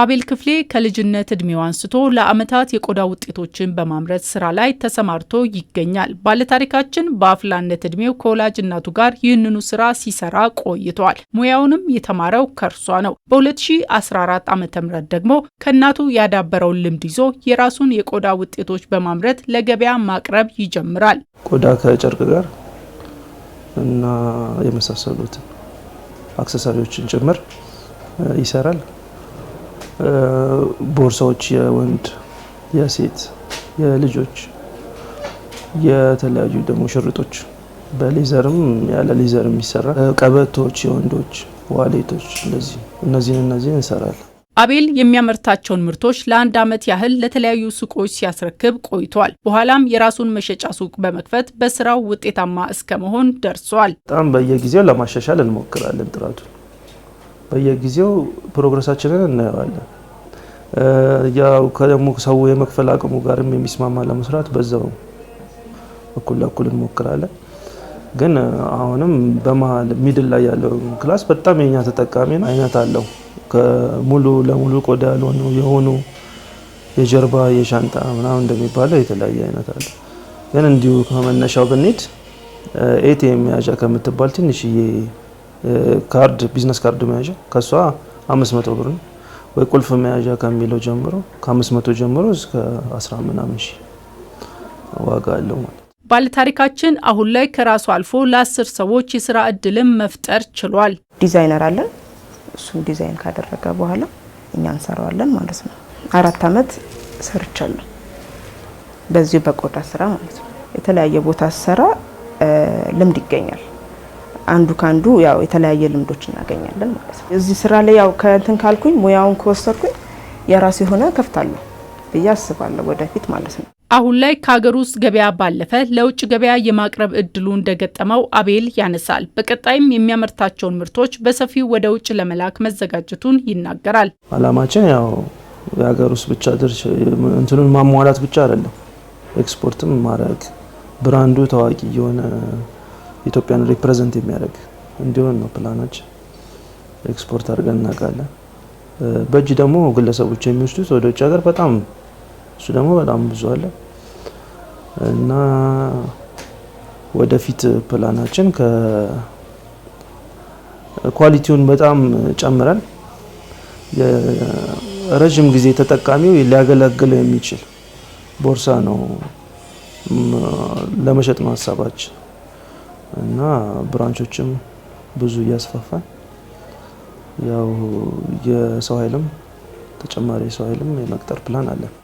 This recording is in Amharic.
አቤል ክፍሌ ከልጅነት ዕድሜው አንስቶ ለዓመታት የቆዳ ውጤቶችን በማምረት ስራ ላይ ተሰማርቶ ይገኛል። ባለታሪካችን በአፍላነት ዕድሜው ከወላጅ እናቱ ጋር ይህንኑ ስራ ሲሰራ ቆይቷል። ሙያውንም የተማረው ከእርሷ ነው። በ2014 ዓ ም ደግሞ ከእናቱ ያዳበረውን ልምድ ይዞ የራሱን የቆዳ ውጤቶች በማምረት ለገበያ ማቅረብ ይጀምራል። ቆዳ ከጨርቅ ጋር እና የመሳሰሉት አክሰሳሪዎችን ጭምር ይሰራል። ቦርሳዎች የወንድ፣ የሴት፣ የልጆች የተለያዩ ደግሞ ሽርጦች በሌዘርም ያለ ሌዘር የሚሰራ ቀበቶች፣ የወንዶች ዋሌቶች፣ እነዚህ እነዚህን እነዚህን እንሰራለን። አቤል የሚያመርታቸውን ምርቶች ለአንድ ዓመት ያህል ለተለያዩ ሱቆች ሲያስረክብ ቆይቷል። በኋላም የራሱን መሸጫ ሱቅ በመክፈት በስራው ውጤታማ እስከ መሆን ደርሷል። በጣም በየጊዜው ለማሻሻል እንሞክራለን ጥራቱን በየጊዜው ፕሮግረሳችንን እናየዋለን። ያው ከደግሞ ሰው የመክፈል አቅሙ ጋርም የሚስማማ ለመስራት በዛው እኩል ለእኩል እንሞክራለን። ግን አሁንም በመሀል ሚድል ላይ ያለው ክላስ በጣም የኛ ተጠቃሚ አይነት አለው። ከሙሉ ለሙሉ ቆዳ ያልሆኑ የሆኑ የጀርባ የሻንጣ ምናምን እንደሚባለው የተለያየ አይነት አለ። ግን እንዲሁ ከመነሻው ብንሄድ ኤቲኤም መያዣ ከምትባል ትንሽዬ ካርድ ቢዝነስ ካርድ መያዣ ከሷ 500 መቶ ብር ነው ወይ ቁልፍ መያዣ ከሚለው ጀምሮ ከ500 ጀምሮ እስከ 10 ምናምን ዋጋ አለው ማለት ባለታሪካችን አሁን ላይ ከራሱ አልፎ ለአስር ሰዎች የስራ እድልም መፍጠር ችሏል። ዲዛይነር አለን። እሱ ዲዛይን ካደረገ በኋላ እኛ እንሰራዋለን ማለት ነው። አራት አመት ሰርቻለሁ በዚሁ በቆዳ ስራ ማለት ነው። የተለያየ ቦታ ስሰራ ልምድ ይገኛል። አንዱ ከአንዱ ያው የተለያየ ልምዶች እናገኛለን ማለት ነው። እዚህ ስራ ላይ ያው ከእንትን ካልኩኝ ሙያውን ከወሰድኩኝ የራሱ የሆነ ከፍታለሁ ብዬ አስባለሁ ወደፊት ማለት ነው። አሁን ላይ ከሀገር ውስጥ ገበያ ባለፈ ለውጭ ገበያ የማቅረብ እድሉ እንደገጠመው አቤል ያነሳል። በቀጣይም የሚያመርታቸውን ምርቶች በሰፊው ወደ ውጭ ለመላክ መዘጋጀቱን ይናገራል። አላማችን ያው የሀገር ውስጥ ብቻ እንትኑን ማሟላት ብቻ አይደለም፣ ኤክስፖርትም ማድረግ ብራንዱ ታዋቂ የሆነ ኢትዮጵያን ሪፕሬዘንት የሚያደርግ እንዲሆን ነው ፕላናችን። ኤክስፖርት አድርገን እናውቃለን። በእጅ ደግሞ ግለሰቦች የሚወስዱት ወደ ውጭ ሀገር በጣም እሱ ደግሞ በጣም ብዙ አለ እና ወደፊት ፕላናችን ኳሊቲውን በጣም ጨምረን ረዥም ጊዜ ተጠቃሚው ሊያገለግለው የሚችል ቦርሳ ነው ለመሸጥ ነው ሀሳባችን። እና ብራንቾችም ብዙ እያስፋፋን ያው የሰው ኃይልም ተጨማሪ የሰው ኃይልም የመቅጠር ፕላን አለን።